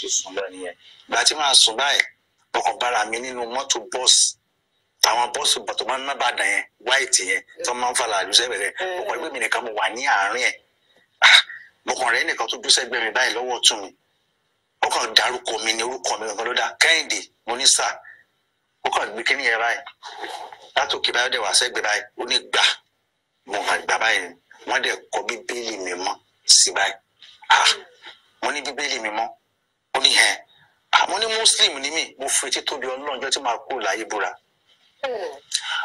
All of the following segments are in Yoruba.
ṣe sùn lọ nìyẹn ìgbà tí màá sùn báyìí ọkàn bára mi nínú mọ́tò bọ́ọ̀sì táwọn bọ́ọ̀sì bàtò máa ń nàbàdàn yẹn wáìtì yẹn tó máa ń falà àdúsẹ́ bẹ̀rẹ̀ ọkàn ẹgbẹ́ mi nìkan mo wà ní àárín ẹ̀ ah! mọ̀kàn rẹ̀ nìkan tó dúsẹ́ gbẹ̀mí báyìí lọ́wọ́ tún mi ọkàn dárúkọ mi ní orúkọ mi nǹkan ló dá Kẹ́hìndé mo ní sà ọkàn gbé kí nìyẹn báyìí látòkè báyọ̀ dẹ̀ wá sẹ́gbẹ̀ báyìí ó ní gbà mo máa gbà ah mo ní bíbélì ó ní hẹn àwọn ah, ní muslim ní mi mo fi etí tóbi ọlọ́njọ́ tí màá kúrò láyé búra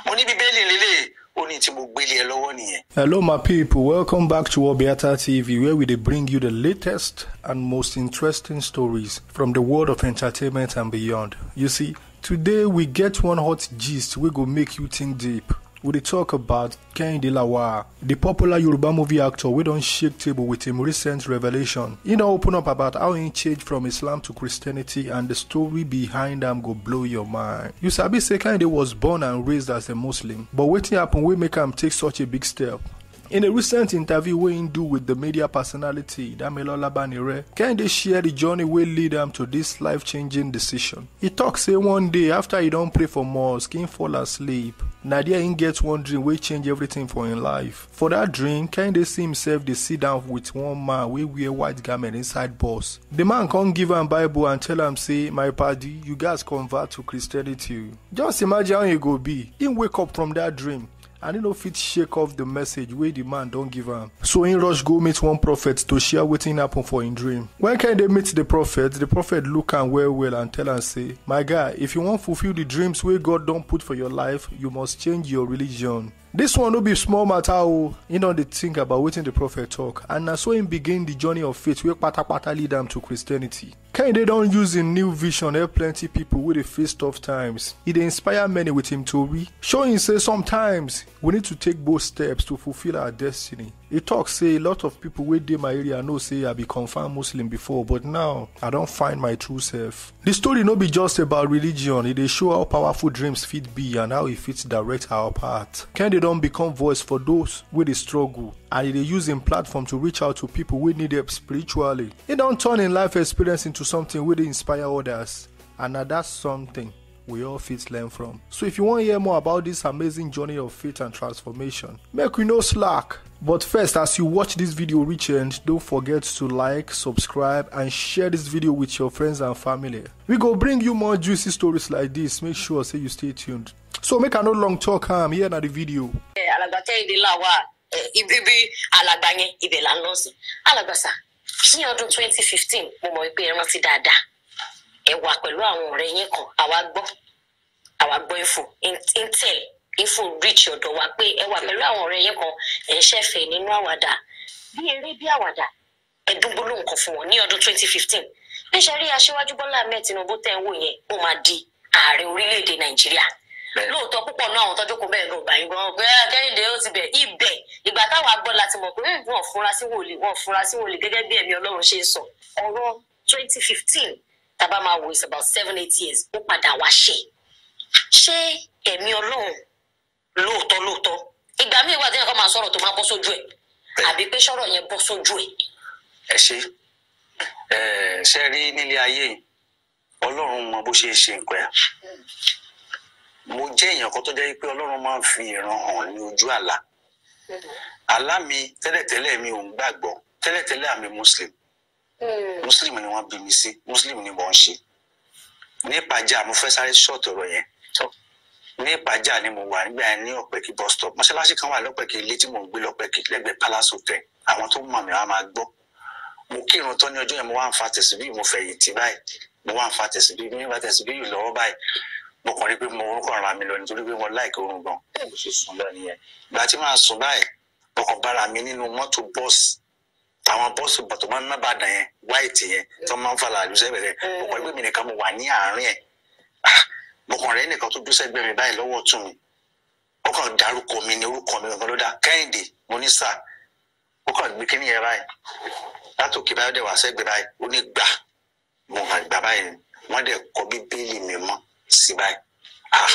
mo ní bíbélì lélẹ̀ ó ní tí mo gbélé ẹ lọ́wọ́ nìyẹn. hello my people welcome back to Obiata TV where we dey bring you the latest and most interesting stories from the world of entertainment and beyond you see today we get one hot gist wey go make you think deep. we dey talk about Kehinde Lawal, the popular Yoruba movie actor don't shake table with a recent revelation. E don open up about how he changed from Islam to Christianity and the story behind him go blow your mind. You sabi say Kehinde was born and raised as a Muslim, but what happened wey make him take such a big step? In a recent interview we do with the media personality Damilola Banire, Kehinde share the journey will lead him to this life-changing decision. He talks say one day after do don pray for mosque, im fall asleep. na there him get one dream wey change everything for him life for that dream kehinde see himself dey sit down with one man wey wear white garment inside bus the man come give am bible and tell am say my padi you gats convert to christianity just imagine how e go be him wake up from that dream and e no fit shake off the message wey di man don give am so im rush go meet one prophet to share wetin happen for im dream wen kende meet the prophet The prophet look am well well and tell am say my guy if you wan fulfill the dreams wey god don put for your life you must change your religion This one no be small matter o oh. im don dey think about wetin the prophet talk and na so im begin the journey of faith wey kpatakpata lead am to christianity don't use im new vision help plenty people wey dey face tough times. It inspire many with to be. showing say sometimes we need to take both steps to fulfill our destiny. He talks say a lot of people with dey my area know say I be confirmed Muslim before but now I don't find my true self. The story not be just about religion, e show how powerful dreams fit be and how it fits direct our path. Can they don't become voice for those with the struggle and e using platform to reach out to people we need help spiritually. don't turn in life experience into to something will inspire others, and that's something we all fit learn from. So if you want to hear more about this amazing journey of faith and transformation, make we no slack. But first, as you watch this video reach end, don't forget to like, subscribe, and share this video with your friends and family. We go bring you more juicy stories like this. Make sure say you stay tuned. So make a no long talk. I'm um, here now the video. Eh, alàgbà eh, ibi alàgbà yẹn ibẹ̀ là ń lọ sí alàgbà ní ọdún twenty fifteen mo mọ̀ wípé ẹ rántí dáadáa ẹ wà pẹ̀lú àwọn ọ̀rẹ́ yín kan àwa gbọ́ àwa gbọ́ ifo intel ifo rich ọ̀dọ̀ wa pé ẹ wà pẹ̀lú àwọn ọ̀rẹ́ yín kan ẹ̀ ń ṣẹ̀fẹ̀ nínú àwàdà bí eré bí àwàdà ẹ̀dún gbólóhùn kan fún wọn ní ọdún twenty fifteen bí ṣe rí aṣíwájú Bọ́lá Ahmed Tinubu ń wò yẹn ó máa di ààrẹ orílẹ̀-èdè Nàìjíríà lóòótọ́ púpọ̀ náà àwọn tọ́jú kò bẹ́ẹ̀ ló gbà yín gan bẹ́ẹ̀ ah, kẹ́hìndé ó ti bẹ̀ ibẹ̀ ìgbà táwa gbọ́ láti mọ̀ pé hmm, wọ́n fura sí wòlíì wọ́n fura sí wòlíì gẹ́gẹ́ bí ẹ̀mí ọlọ́run ṣe ń sọ ọ̀rọ̀ twenty fifteen tábà máa wò is about seven eight years ó padà wá ṣe ṣé ẹ̀mí ọlọ́run lóòótọ́ lóòótọ́ ìgbà míì wà tí nǹkan máa sọ̀rọ̀ tó máa bọ́ sójú ẹ̀ àbí pé sọ̀rọ̀ yẹn bọ́ sójú ẹ̀. ẹ ṣe ẹ ṣe rí nílé ayé ọlọ́run mọ bó ṣe ṣe nǹkan ẹ̀ mo jẹ́ èèyàn kan tó jẹ́ pé ọlọ́run máa ń fi ìran hàn ní ojú àlá àlá mi tẹ́lẹ̀tẹ́lẹ̀ mi ò ń gbàgbọ́ tẹ́lẹ̀tẹ́lẹ̀ àmì muslim hmm. muslim ni wọ́n bí mi sí muslim ni mò ń ṣe nípàjá mo fẹ́ sáré ṣọ́ọ̀tì ọ̀rọ̀ yẹn nípàjá ni mo wà nígbà yẹn ní ọ̀pẹ̀kì bus stop mọ́ṣáláṣí kan wà lọ́pẹ̀kì ilé tí mò ń gbé lọ́pẹ̀kì lẹ́gbẹ̀ẹ́ palace hotel àwọn tó mọ̀ mí wá máa gbọ́ mo kírun tán ní ọjọ́ yẹn mo wá ń fa tẹ̀síbí mo fẹ̀yìntì báyìí mo wá ń fa tẹ̀síbí mo ń fa tẹ̀síbí lọ́wọ́ báyìí mo kàn rí pé mo orúkọ ara mi lọ nítorí pé mo láìka oorun gan ẹ mo ṣe sùn lọ nìyẹn ìgbà tí màá sùn báyìí mo kàn bára mi nínú mọ́tò bọ́ọ̀sì àwọn bọ́ọ̀sì bàtò máa ń ná bàdàn yẹn wáìtì yẹn tó máa ń fa làlù sẹ́gbẹ̀rẹ̀ mo kàn rí pé mi nìkan mo wà ní àárín ẹ̀ ah! mo kàn rí ẹnìkan tó dúró sẹ́gbẹ̀ẹ́ mi báyìí lọ́wọ́ ọ̀tún mi ó dárúkọ mi ní orúkọ mi nǹkan ló dá Kẹ́hìndé mo ní sà ó kàn gbé kíní yẹn báyìí látòkè sí báyìí ah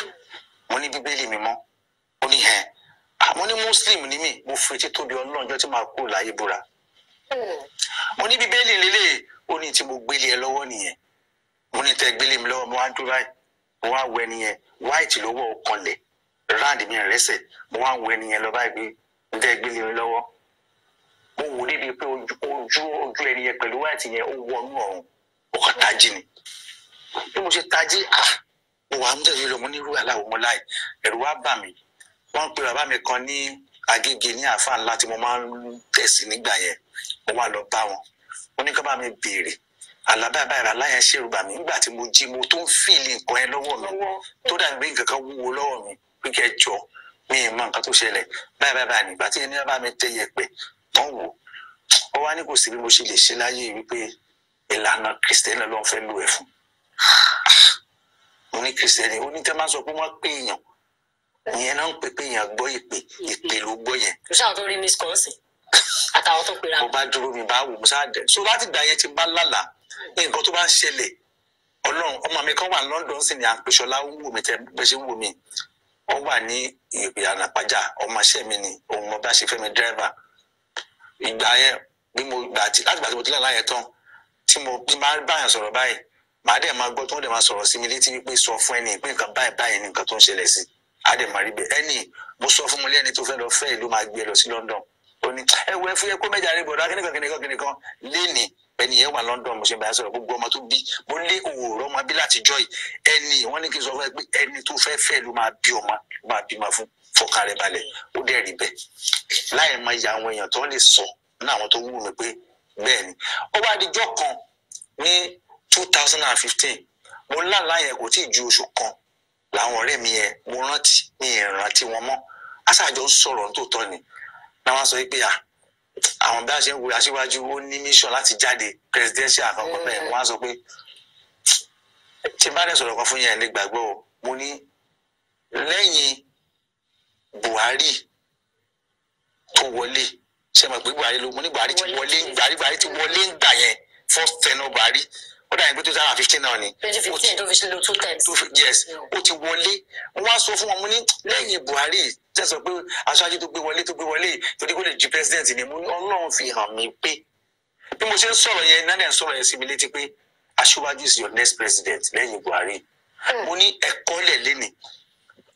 mo ní bíbélì mi mọ́ ó ní hẹ́n ah mo ní muslim ní mi mo fi etí tóbi ọlọ́njọ́ tí màá kú láyé búra mo ní bíbélì lélẹ̀ ó ní tí mo gbélé ẹ lọ́wọ́ nìyẹn mo ní tẹ gbélé mi lọ́wọ́ mo wá dúró báyìí mo wá wẹ nìyẹn white lọ́wọ́ ọkànlẹ̀ round mi rẹ́sẹ̀ mo wá wẹ nìyẹn lọ́ báyìí gbé tẹ gbélé mi lọ́wọ́ mo wò níbi pé ojú ojú ẹni yẹn pẹ̀lú white yẹn ó wọnú ọ̀run ó tají ni bí mo ṣe tají ah mo wà á mú tẹ̀sí lọ mo ní irú aláwọ̀ mo láì ẹ̀rù wá bà mí wọ́n pe bàbá mi kan ní agége ní àáfàá ńlá tí mo máa ń tẹ̀sí nígbà yẹn mo wá lọ bá wọn mo ní ká bá mi béèrè àlábàbà ìrà láyẹn ṣèrù bà mí nígbà tí mo jí mo tó ń fìlì nǹkan yẹn lọ́wọ́ mi tó dà gbé nǹkan kan wúwo lọ́wọ́ mi pé kẹ́ jọ mi ì mọ nǹkan tó ṣẹlẹ̀ báyìí báyìí báyìí nígbà tí ẹni bá mi tẹ yẹpẹ̀ wọ́n wò ó wá ní kò sí bí mo ṣe lè ṣe láyé wípé ìlànà kìrìsìtẹ́nì ló ń fẹ́ lò ẹ̀ fún mo ní kí ṣẹlẹ̀ ó ní tẹ́ máa sọ pé wọ́n pè èèyàn ìyẹn náà ń pè pé èèyàn gbọ́ ìpè ìpè ló gbọ́ yẹn. kò sáà tó rí miss kọ́ọ̀sì àtàwọn tó pera. mo bá dúró mi bá wò mo sáà dẹ so láti gbà yẹn ti bá lálà nǹkan tó bá ń ṣẹlẹ̀ ọlọ́run ọmọ mi kan wà ní London sì ni àpèṣọlá ń wò mí tẹ bẹ́ẹ̀ ṣe ń wò mí ó wà ní ìyànà pàjá ọmọ iṣẹ́ mi ni òun mo bá ṣe fẹ́ mi dírẹ́fà ìgbà yẹn bí mo gbà láti gbà tí mo ti lálàyé tán tí mo bá báyàn sọ̀rọ̀ báyìí màá dẹ̀ máa gbọ́ tó ń dẹ̀ máa sọ̀rọ̀ sí mi létí wípé sọ fún ẹni pé nǹkan báyìí báyìí ni nǹkan tó ń ṣẹlẹ̀ sí á dẹ̀ máa rí bẹ́ẹ̀ ẹni mo sọ fún mi lẹ́ni tó fẹ́ lọ fẹ́ ìlú máa gbé e lọ sí London ó ní ẹ wọ ẹfúyẹ kó mẹ́jọ àrẹ bọ̀dọ̀ akínìkan kìnìkan kìnìkan léèní ẹni yẹn wà London mo ṣe bá sọ̀rọ̀ gbogbo ọmọ tó bí mo lé òwòrán ọmọ bí látijọ́ yìí ẹni wọ́n ní kí n sọ fún ẹ pé ẹni tó fẹ́ fẹ́ ló máa bí ọmọ máa bímọ fún fọkàn rẹ balẹ̀ ó dẹ̀ rí bẹ́ẹ̀ láì mọ ìyá àwọn èèyàn tó lè sọ ní àwọn tó wù mí pé bẹ́ẹ̀ ni ó wá dijọ́ kan ní 2015 thousand and fifteen mo lálàá yẹn kò tí ju oṣù kan làwọn ọ̀rẹ́ mi yẹn mo rántí mi yẹn rántí wọn mọ́ aṣáájọ ń sọ̀rọ̀ nítòótọ́ ni náà sọ pé àwọn bí a ṣe ń wo aṣíwájú ó ní mission láti jáde presidential àkọ́kọ́ bẹ́ẹ̀ wọ́n á sọ pé ṣe bá dẹ̀ sọ̀rọ̀ kan fún yẹn ní gbàgbọ́ o mo ní lẹ́yìn Buhari tó wọlé ṣe mọ̀ pé Buhari ló mo ní Buhari ti wọlé Buhari ti wọlé ń gbà yẹn first ten Buhari ó dàbí pé two thousand and fifteen náà ni. twenty fifteen tó fi lo two times. yes ó ti wọlé wọ́n á sọ fún wọn mo ní lẹ́yìn Buhari tẹ́ sọ pé aṣáájú tó gbé wọlé tó gbé wọlé torí kó lè ju president ni mo ní Ọlọ́run fi hàn mí pé bí mo ṣe ń sọ̀rọ̀ yẹn nánà sọ̀rọ̀ yẹn sí mi létí pé aṣíwájú is your next president lẹ́yìn Buhari hmm. mo ní ẹ̀kọ́ lẹ̀ lénìí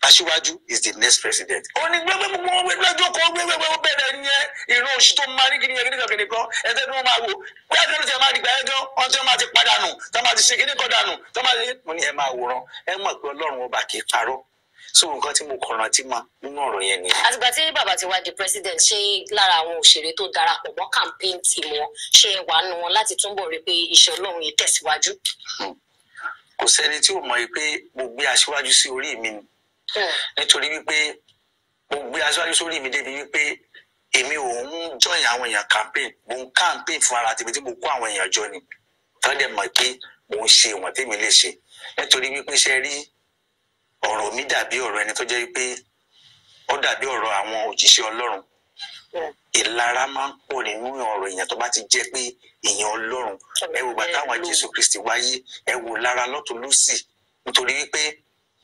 aṣíwájú is the next president. ó ní gbẹgbẹ gbogbo wọn lọ́jọ́ kan gbẹgbẹ wọn bẹ̀rẹ̀ yẹn ìran oṣù tó máa ní gidigan gidigan gidigan ẹgbẹ́ tí wọ́n máa wò bóyá kí ló ti ẹ̀ máa dìgbà ẹjọ́ ọ̀n tí wọ́n máa ti padà nù tó máa ti ṣe kíní kan dànù tó máa ti mo ní ẹ máa wòran ẹ mọ̀ pé ọlọ́run ọba kì í parọ́ so nǹkan tí mo kọ rántí mọ nínú ọ̀rọ̀ yẹn ni. àtìgbà tí bàbá ti wá di president ṣé lára àwọn òṣèré tó darapọ̀ mọ́ campaign tí wọn ṣe wà nù wọn láti túbọ̀ rí i pé iṣẹ́ ọlọ́run yìí tẹ̀síwájú. Hmm. kò sẹ́ni tí ò mọ̀ pé mo gbé aṣíwájú sí orí mi ni nítorí wípé mo gbé aṣáájú sórí mi débi wípé èmi ò ń join àwọn èèyàn campaign mo ń campaign fún ara tèmi tí mo kó àwọn èèyàn jọ ni tán dẹ̀ pé mo ń ṣe ìwọ̀n tèmi lè ṣe nítorí wípé ṣe rí ọ̀rọ̀ mi dàbí ọ̀rọ̀ ẹni tó jẹ́ wípé ó dàbí ọ̀rọ̀ àwọn òjíṣẹ́ ọlọ́run ìlara máa ń pọ̀ nínú ọ̀rọ̀ èèyàn tó bá ti jẹ́ pé èèyàn ọlọ́run ẹ wo bàtà àwọn jésù kristi wáyé ẹ wo lára lọ́tún lọ́sì nítorí wípé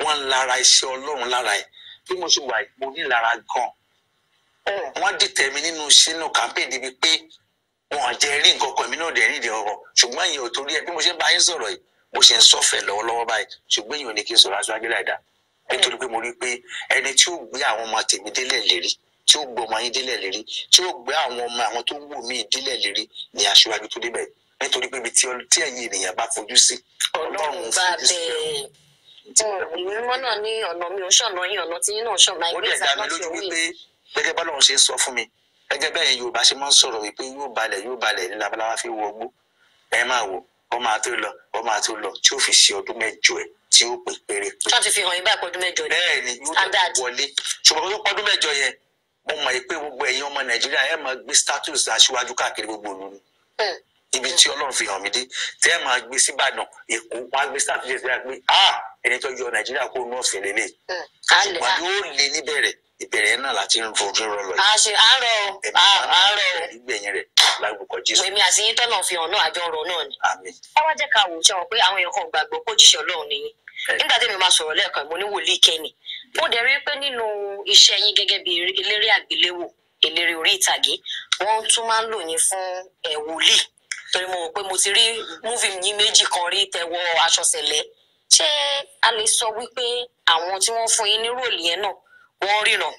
wọ́n lára iṣẹ́ ọlọ́run lára ẹ̀ bí mo ṣe wà mo ní lára gan wọ́n dìtẹ̀ mi nínú iṣẹ́ náà campaign débi pé wọn jẹ́ rí nǹkan kan mi náà dẹ̀ rí ìdí ọ̀rọ̀ ṣùgbọ́n ìyẹn ò torí ẹ bí mo ṣe bá yín sọ̀rọ̀ yìí bó ṣe ń sọ̀fẹ̀ lọ́wọ́lọ́wọ́ báyìí ṣùgbọ́n ìyẹn ò ní kí n sọ̀rọ̀ aṣọ agbélé àìdá nítorí pé mo rí i pé ẹni tí ó gbé àwọn ọmọ tèmi délẹ̀ lérí tí ó gbé ọmọ yín délẹ̀ lérí tí ó gbé àwọn ọmọ àwọn tó wù mí délẹ̀ lérí ni aṣíwájú tó nítorí pé ibi tí ẹ̀yin ènìyàn bá fojú sí ọlọ́run fojú sí mímọ́ mm. náà ní ọ̀nà mi ò ṣọ̀nà yín ọ̀nà tí yín náà ṣọ̀nà ìgbé ìsàlọ́ ti wí. gẹ́gẹ́ bá lóun ṣe sọ fún mi gẹ́gẹ́ bẹ́ẹ̀ Yorùbá ṣe máa ń sọ̀rọ̀ wípé yóò balẹ̀ yóò balẹ̀ ní labaláwa fi wọ ọgbó ẹ máa wò ọ máa tó lọ ọ máa tó lọ tí ó fi ṣe ọdún mẹ́jọ ẹ tí ó pè péré. tó ti fi hàn yín báyìí pọ́dún mẹ́jọ yẹn. bẹ́ẹ̀ ni yóò wọlé ṣùgbọ́n tó pọ́dún mẹ́jọ yẹn mo mọ̀ pé gbogbo ẹ̀yin ọmọ Nàìjíríà ẹ máa gbé status aṣíwájú káàkiri gbogbo ìlú ni mm. ibi tí Ọlọ́run fi hàn mí dé tẹ́ ẹ máa gbé síbàdàn Èkó wọn á gbé status yẹn sí ẹni tó yọ nàìjíríà kó nú ọ̀fẹ́ lélẹ̀ hmm. ṣùgbọ́n yóò lé níbẹ̀rẹ̀ ìbẹ̀rẹ̀ náà láti ń fojú rọlọ yìí. àṣe àárọ̀ àárọ̀ ìgbẹ̀yìn rẹ̀ lágbèkọ̀ jésù. èmi àti yín tọ́nà fi hàn náà àjọ ọ̀rọ̀ náà ni. àmín. ẹ wá jẹ́ ká wò ó ṣe wọn pé àwọn èèyàn kan gbàgbọ́ pé òjíṣẹ́ ọlọ́run nìyí. nígbà tí mi máa sọ̀rọ̀ lẹ́ẹ̀kan mo ní wòlíì kẹ́ni. mo dẹ̀ rí i pé nínú iṣẹ́ yín gẹ́gẹ́ bí eléré àgbéléwò eléré orí ìtàgé wọ́n tún máa ń lò yín fún wòlíì torí mo rò pé mo ti rí múfì yín méjì kan rí tẹ́wọ́ aṣọ ṣẹlẹ̀ ṣé a lè sọ wípé àwọn tí wọ́n fún yín ní róòlù yẹn náà wọ́n ríran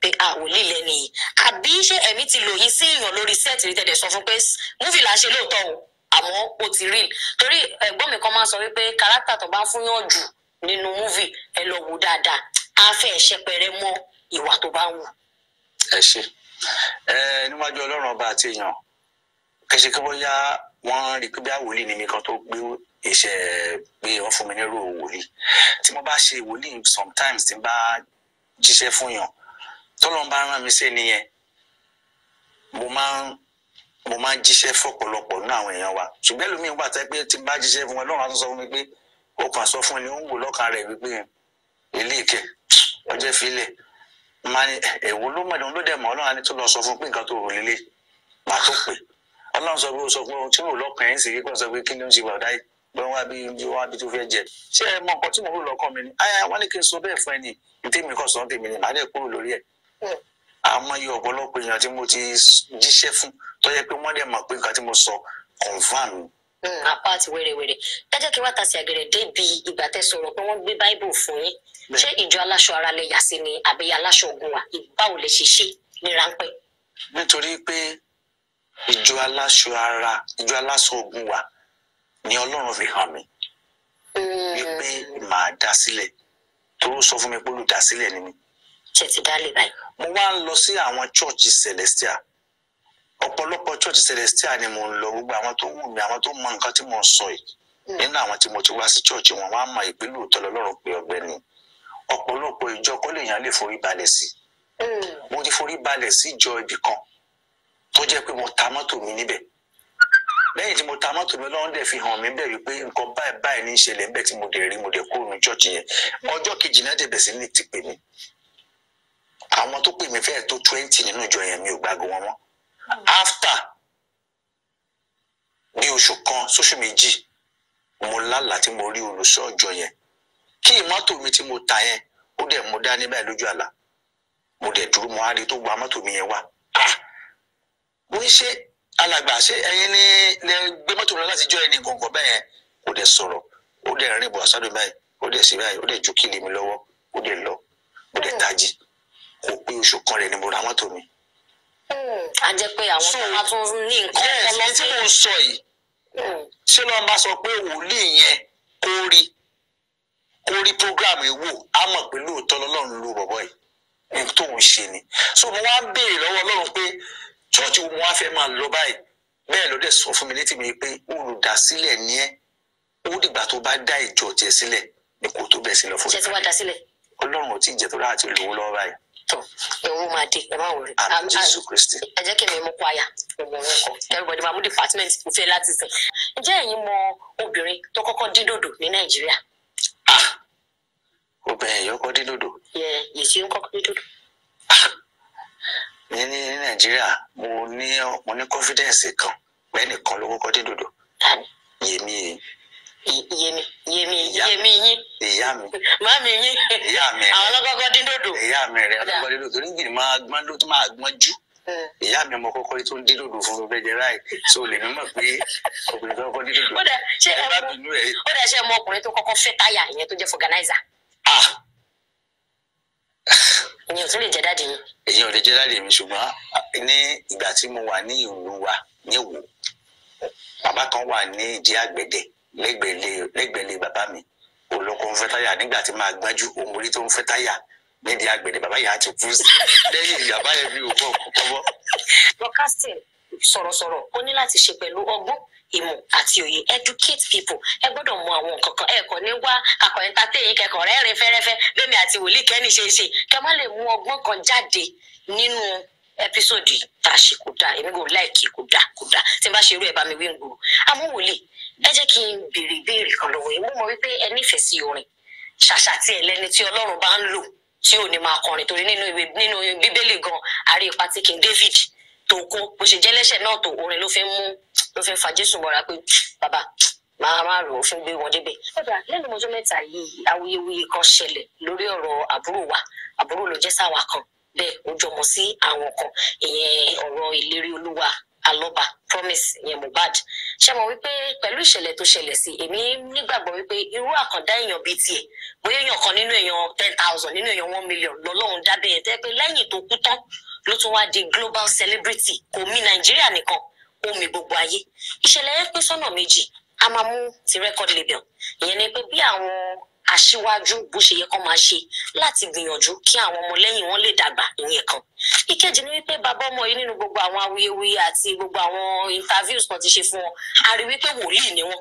pé àwò lílẹ̀ nìyí àbí ṣé ẹ̀mí ti lò yín sí èèyàn lórí sẹ́ẹ̀tì rí tẹ̀lé sọ fún pé múfì là ń ṣe lóòótọ́ o àmọ́ o ti rí torí ẹ̀gbọ́n mi kan máa ń sọ wípé kárátà tó bá fún yàn jù nínú múfì ẹ lọ wò dáadáa á fẹ́ ṣẹpẹrẹ mọ́ ìwà tó bá wù. ẹ ṣe ẹ níwájú ọlọ́run ọba àti èèyàn kẹsìkẹ́ bóyá wọ́n rí pé bí àwòlí ni mi kan tó gbé iṣẹ́ pé wọ́n fún mi nírú wòlíì tí mo bá ṣe wòlíì sometimes tí n bá jíṣẹ́ fún yàn tọ́lọ́n bá rán mi sí nìyẹn mo máa ń mo máa ń jíṣẹ́ fọ́pọ̀lọpọ̀ nínú àwọn èèyàn wa ṣùgbọ́n ẹlòmíín wà tẹ́ pé tí n bá jíṣẹ́ fún wọn lọ́run á tún sọ fún mi pé ó kàn fún ni ó ń wò lọ́kàn rẹ̀ wípé ilé ìkẹ́ ọjọ́ ìfilẹ̀ máa ló mọ̀ ló dẹ̀ mọ̀ ọlọ́run á tó lọ sọ fún pé nǹkan tó rò lélẹ̀ màá tó pè ọlọ́run sọ pé ó sọ fún ohun tí ó lọ́kàn ẹ̀ ń sì kí kò sọ pé kí ni ó ń ṣe wà dáyìí bẹ́ẹ̀ wọ́n bí bí wọ́n bí tó fẹ́ jẹ ṣé ẹ mọ nǹkan tí mo rò lọ́kàn mi ni wọ́n ní kí n sọ bẹ́ẹ̀ fún ẹ ní ìtẹ́mi kan sọ tèmi ni màá dẹ̀ kúrò lórí ẹ̀ hmm. àmọ́ iye ọ̀pọ̀lọpọ̀ èèyàn tí mo ti jíṣẹ́ fún tó yẹ pé wọ́n dẹ̀ mọ̀ pé nǹkan tí mo sọ confam hmm, apart wẹrẹwẹrẹ ẹ jẹ́ kí wá tasẹ̀ àgẹ̀rẹ̀ débi ìgbà tẹ́ sọ̀rọ̀ pé wọ́n gbé báíbù fún yín ṣé ìjọ aláṣọ ara lè yà sí ni àbí aláṣọ ogun wa báwo lè ṣe ṣe ní ráńpẹ́. nítorí pé ìjọ aláṣọ ara ìjọ aláṣọ ogun wa ni ọlọ́run fi hàn mí wípé màá dá sílẹ̀ tó sọ fún mi pé olùdásílẹ̀ ni mi. ṣe ti dá lè mo wá ń lọ sí àwọn chọ́ọ̀chì celestial ọ̀pọ̀lọpọ̀ chọ́ọ̀chì celestial ni mo ń lọ gbogbo àwọn tó wù mí àwọn tó mọ nǹkan tí mo ń sọ yìí hmm. nínú àwọn tí mo ti wá sí chọ́ọ̀chì wọn wá mọ ìpínlẹ̀ òótọ́ lọ́lọ́run pé ọ̀gbẹ́ni ọ̀pọ̀lọpọ̀ ìjọ kọ́ lèèyàn lè forí balẹ̀ sí. Hmm. mo ti forí balẹ̀ sí ìjọ ibì kan tó jẹ́ pé mo ta mọ́tò mi níbẹ̀ lẹ́yìn tí mo ta mọ́tò mi lọ́wọ́ dẹ̀ fi hàn mí bẹ́ẹ̀ wípé nǹkan báyìí báyìí ní í ṣẹlẹ̀ níbẹ̀ tí mo dẹ̀ rí mo dẹ̀ kúrò ní chọ́ọ̀chì yẹn ọjọ́ kejì náà dẹ̀ bẹ̀sẹ̀ ní ti pè mí àwọn tó pè mí fẹ́ẹ̀ tó twenty nínú ìjọ yẹn mi ò gbàgbọ́ wọn mọ́ after bí oṣù kan sóṣù méjì mo lálàá tí mo rí olùṣọ́ ọjọ́ yẹn kí mọ́tò mi tí mo ta yẹn ó dẹ̀ mo dá níbẹ̀ lójú àlá mo dẹ̀ dúró mo á rí tó gba mọ́tò mi yẹn wá ah! mo ń ṣe alàgbà ṣé ẹ̀yin ní lè gbé mọ́tò lọ láti jọ ẹni gọ̀ǹgọ̀ bẹ́ẹ̀ kò dẹ̀ sọ̀rọ̀ ó dẹ̀ rìn bọ̀ àṣàdùn báyìí ó dẹ̀ sí báyìí ó dẹ̀ ju kílì mi lọ́wọ́ ó dẹ̀ lọ ó dẹ̀ tají kò pé oṣù kan rẹ̀ ni mo ra mọ́tò mi. a jẹ́ pé àwọn tó bá tún ní nǹkan ọlọ́pàá. tí mo ń sọ yìí ṣé lọ́n bá sọ pé wòlíì yẹn kó rí kó rí program yìí wò á mọ̀ pé lóòótọ́ lọ́lọ́run ló bọ̀bọ̀ yìí ní tóun ṣe ni so mo wá ń béèrè lọ́wọ́ ọlọ́run pé ṣọ́ọ̀ṣì wọn wá fẹ́ máa lọ báyìí bẹ́ẹ̀ lọ́dẹ̀ sọ fún mi létí mi pé olùdásílẹ̀ ni ẹ́ ó dìgbà tó bá dá ìjọ jẹ sílẹ̀ ni kò tó bẹ́ẹ̀ sí lọ fún mi. ṣé ti wá dá sílẹ̀. ọlọ́run ò tí ì jẹ́ tó láti lówó lọ́wọ́ báyìí. tọ ìrún máa dé ẹ má wọlé. àmì jésù kristi. ẹ jẹ́ kí mi mú kwaya ògùn rẹ kọ everybody máa mú department tó láti sìn. ǹjẹ́ ẹ̀yin mọ obìnrin tó kọ́kọ́ dín ní nàìjíríà. Ah, obìnrin yọkọ dín yẹ yìí ní ní nàìjíríà mo ní mo ní confidence kan mẹ́nìkan ló kọ́kọ́ dé dòdò yèmí yèmí yèmí yèmí yín ìyá mi mami yín ìyá mi àwọn ọlọ́kọ́kọ́ dín dòdò ìyá mi rẹ̀ ọlọ́kọ́kọ́ dín dòdò torí gbìyànjú máa gbọ́n ló tó máa gbọ́n jù ìyá mi ọmọ kọ́kọ́ tó ń dín dòdò fún mi bẹ́ẹ̀ jẹ́ ráì tó lè mí mọ̀ pé ọkùnrin kọ́kọ́ dín dòdò ó dà ṣe ọmọkùnrin tó kọ́kọ́ fẹ́ táyà ìyẹn tó jẹ́ fọgànáìzà. Ah! ìyẹn ò tún lè jẹ dáàdì yín. ìyẹn ò lè jẹ dáàdì mi ṣùgbọ́n ní ìgbà tí mo wà ní ìlú wa ní Ìwó bàbá kan wà ní ìdí àgbẹ̀dẹ lẹ́gbẹ̀lẹ́ bàbá mi olóko ń fẹ́ táyà nígbà tí máa gbájú òmùrí tó ń fẹ́ táyà nídìí àgbẹ̀dẹ bàbá yà á ti kú sí lẹ́yìn ìyàbá yẹn bí òkú ọ̀kọ̀ọ̀kọ̀ bọ́. broadcasting sọ̀rọ̀sọ̀rọ̀ ó ní láti ṣe pẹ̀lú ọgbọ́n ìmọ̀ àti òye educate people ẹ gbọ́dọ̀ mọ àwọn nǹkan kan ẹ kò ní wá akọ̀ entertain kẹkọ̀ rẹ́rìn fẹ́rẹ́fẹ́ bẹ́ẹ̀ni àti wòlíì kẹ́ni ṣe é ṣe kẹ má lè mú ọgbọ́n kan jáde nínú ẹpísòdì tá a ṣe kò dáa èmi kò láìkì kò dáa kò dáa tí n bá ṣe irú ẹ bá mi wí ń gbòòrò àmọ́ wòlíì ẹ jẹ́ kí n béèrè ìbéèrè kan lọ́wọ́ yìí mo mọ̀ wípé ẹ nífẹ̀ẹ́ sí orin ṣàṣà tí ẹlẹ́ni tí Ọlọ́run bá ń lò tí ò ní máa kọrin torí nínú bíbélì gan àrí ipa tí King David tó kó bó ṣe jẹ́lẹ́ṣẹ̀ náà tó orin ló fi ń mú ló fi ń fa jésù mọ́ra pé bàbá màá má rò ó fi ń gbé wọn débẹ̀. kódà lẹ́nu ọjọ́ mẹ́ta yìí awuyewuye kan ṣẹlẹ̀ lórí ọ̀rọ̀ àbúrò wa àbúrò ló jẹ́ sáwa kan bẹ́ẹ̀ ó jọmọ sí àwọn kan ìyẹn ọ̀rọ̀ ìlérí olúwa alọba promise yẹn mohbad ṣe mọ̀ wípé pẹ̀lú ìṣẹ̀lẹ̀ tó ṣẹlẹ̀ sí èmi nígbàgbọ́ wípé irú àkàndá èèyàn bíi tiẹ̀ bóyá èèyàn kan nínú èèyàn ten thousand nínú èèyàn one million lọ́lọ́run dábẹ yẹn tẹ pé lẹ́yìn tó kú tán ló tún wáá di global celebrity kò mì nàìjíríà nìkan ó mì gbogbo ayé ìṣẹ̀lẹ̀ yẹn pín sọ́nà méjì a máa mú ti record label ìyẹn ni pé bí àwọn aṣíwájú bó ṣe yẹ kó máa ṣe láti gbìyànjú kí àwọn ọmọlẹ́yìn wọn lè dàgbà ìyẹn kan ìkejì ni wípé bàbá ọmọ yìí nínú gbogbo àwọn awuyewuye àti gbogbo àwọn interviews kan ti ṣe fún wọn a rí wípé wòlíì ni wọn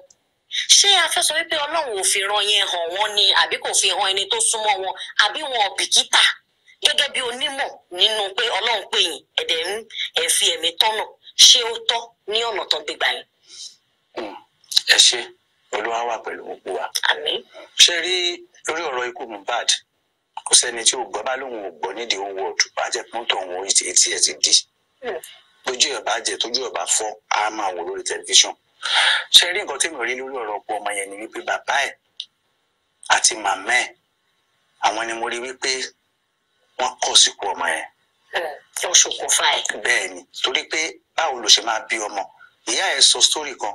ṣé a fẹ́ sọ wípé ọlọ́run ò fi ran yẹn hàn wọ́n ni àbí kò fi hàn ẹni tó súnmọ́ wọn àbí wọn ò gẹ́gẹ́ bí onímọ̀ nínú pé Ọlọ́run pè yín ẹdẹ ń ẹ fi ẹ̀mí tọ́nà ṣé ó tọ́ ní ọ̀nà tó gbégbá yín. ẹ ṣe olúwa wà pẹ̀lú gbogbo wa. àmín. ṣé rí lórí ọ̀rọ̀ ikú Mohbad kò sẹ́ni tí ò gbọ́ bá lóun ò gbọ́ nídìí òun wọ̀ ọ̀dù bàjẹ́ pọ́ńtò òun etí ẹ̀ ti di hmm. tójú ẹ̀ bá tójú ẹ̀ bá fọ́ á máa wò lórí tẹlifíṣàn ṣe rí nǹkan tèmi rí lórí ọ̀rọ̀ ọ̀pọ̀ ọmọ yẹn ni wípé bàbá ẹ̀ àti màmá ẹ̀ àwọn ni mo rí wípé wọ́n kọ̀ síkú ọmọ yẹn. ó ṣokùnfà ẹ̀. bẹ́ẹ̀ ni torí pé báwo ló ṣe máa bí ọmọ ìyá ẹ̀ sọ sítórì kan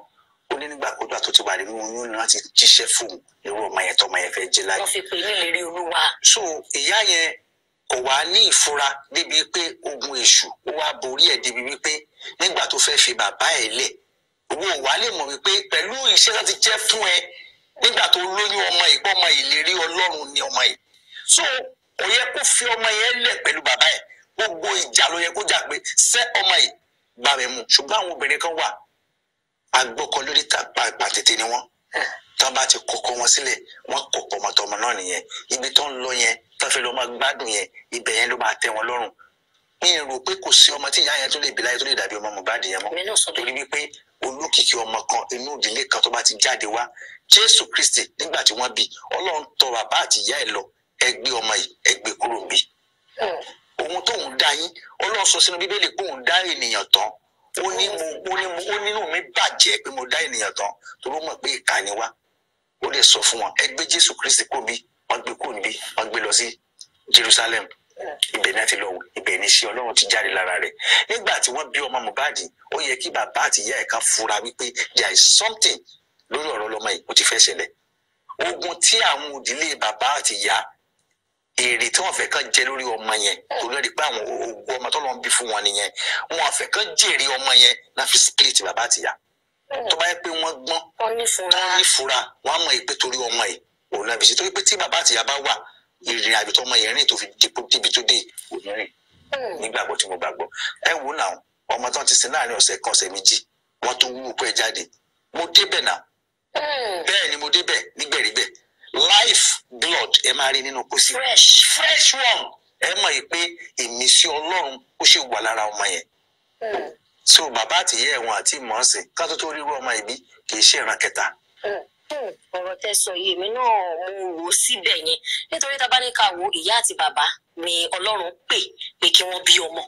ó ní nígbàkúgbà tó ti wà nínú oyún láti jíṣẹ́ fún irú ọmọ yẹn tọmọ yẹn fẹ́ jẹ láyé. wọ́n fi pè ní ìlérí olúwa. so ìyá yẹn kò wá ní ìfura débi pé ogun èṣù ó wá borí ẹ̀ débi wípé nígbà tó fẹ́ fi bàbá ẹ̀ lẹ̀ wo wàá lè mọ̀ wípé pẹ̀lú iṣẹ́ láti jẹ́ fún ẹ nígbà tó lóyún ọmọ yìí pé ọmọ ìlérí ọlọ́run ni ọmọ yìí so kò yẹ kó fi ọmọ yẹn lẹ̀ pẹ̀lú bàbá ẹ̀ gbogbo ìjà ló yẹ kó jà pé sẹ́ ọmọ yìí gbà mí mu ṣùgbọ́n àwọn obìnrin kan wà agbọ́kọ lórí tàpá tètè ni wọ́n eh. tán bá ti kọ́kọ́ wọn sílẹ̀ wọ́n kò pọ̀ mọ́tọ́mọ náà nìyẹn ibi tó ń lọ yẹn tán fẹ́ lọ máa gbádùn yẹn ibẹ̀ yẹn ló máa tẹ́ wọn lọ́rùn mi rò pé kò sí ọmọ tí ìyá yẹn tó lè bí láyé tó lè dàbí ọmọ Mohbad yẹn mọ́ torí wípé olókìkí ọmọ kan inú ìdílé kan tó bá ti jáde wá Jésù Kristi nígbà tí wọ́n bí Ọlọ́run tọ̀ bàbá àti ìyá ẹ̀ lọ ẹ gbé ọmọ yìí ẹ gbé kúrò bí. ohun tóun dá yín ọlọ́run sọ sínú bíbélì pé òun dá ènìyàn tán ó ní mo ó ní mo mi bàjẹ́ pé mo dá ènìyàn tán torí ó pé ìka ni wá ó lè sọ fún wọn ẹ gbé jésù kristi kúrò bí wọ́n gbé kúrò bí wọ́n gbé lọ sí jerusalem ibẹ̀ náà ti lọ wò ibẹ̀ ní ṣe ọlọ́run ti jáde lára rẹ̀ nígbà tí wọ́n bí ọmọ mohbad ó yẹ kí bàbá àti ìyá ẹ̀ fura wípé there is something lórí ọ̀rọ̀ ọlọ́mọ yìí ó ti fẹ́ ṣẹlẹ̀ ogun tí àwọn òdílé bàbá àti ìyá èrè tí wọ́n fẹ́ kàn jẹ lórí ọmọ yẹn torí ẹ rí pé àwọn ogun ọmọ tó lọ ń bí fún wọn nìyẹn wọ́n fẹ́ kàn jèrè ọmọ yẹn náà fi split bàbá àtìyá tó bá yẹ pé wọ́n gbọ́n wọ́n ní fura wọ́n á mọ èpè torí ọmọ yìí òun náà fi ṣe torí pé tí bàbá àtìyá bá wà ìrìn àjò tó ọmọ yẹn rìn tó fi dìbò débi tó dé òun rìn hmm. nígbàgbọ́ tí mo gbàgbọ́ ẹ wò náà ọmọ tó ti sin láàrin ọ̀sẹ̀ kan ọ̀sẹ̀ méjì wọ́n tún wú òkú ẹ̀ jáde mo débẹ̀ náà hmm. bẹ́ẹ̀ ni mo débẹ̀ nígbẹ̀rígbẹ̀ life blood ẹ máa rí nínú kùsì fresh fresh one ẹ mọ̀ yìí pé ìmísí ọlọ́run ó ṣe wà lára ọmọ yẹn hmm. so bàbá àtìyẹ ẹ̀wọ̀n àti mọ̀ọ́sìn ká tó tó rírú ọmọ ìbí kì í ṣe ìran kẹta hmm. Hmm. ọ̀rọ̀ tẹ sọ yìí èmi náà mo wò ó síbẹ̀ yẹn nítorí tá a bá ní ká wo ìyá àti bàbá ni ọlọ́run pè pé kí wọ́n bí ọmọ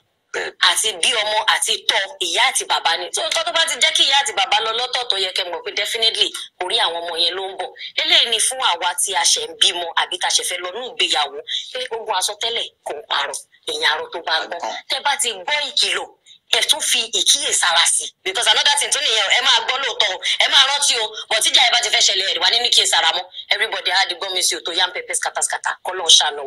àti bí ọmọ àti tọ́ ìyá àti bàbá ni tó tọ́ tó bá ti jẹ́ kí ìyá àti bàbá lọ lọ́tọ̀ yẹ kẹ́ mọ̀ pé definitely orí àwọn ọmọ yẹn ló ń bọ̀ eléyìí ni fún àwa tí a ṣẹ̀ ń bímọ àbí tá a ṣẹ̀ fẹ́ lọ ní ìgbéyàwó pé ogun àsọtẹ́lẹ̀ kò parọ́ èèyàn arọ tó bá gbọ́ tẹ́ bá ti gbọ́ ìkìlọ̀ ẹ tún fi ìkíyèsára sí because another thing tún nìyẹn ẹ máa gbọ́ lóòótọ́ o ẹ máa rántí o but tíjà ẹ bá ti fẹ́ ṣẹlẹ̀ ẹ̀rí wa nínú ìkíyèsára mọ́ everybody had di gbọ́n mi sí o tó yá ń pẹpẹ kọ́ lọ́ọ́ ṣàánú.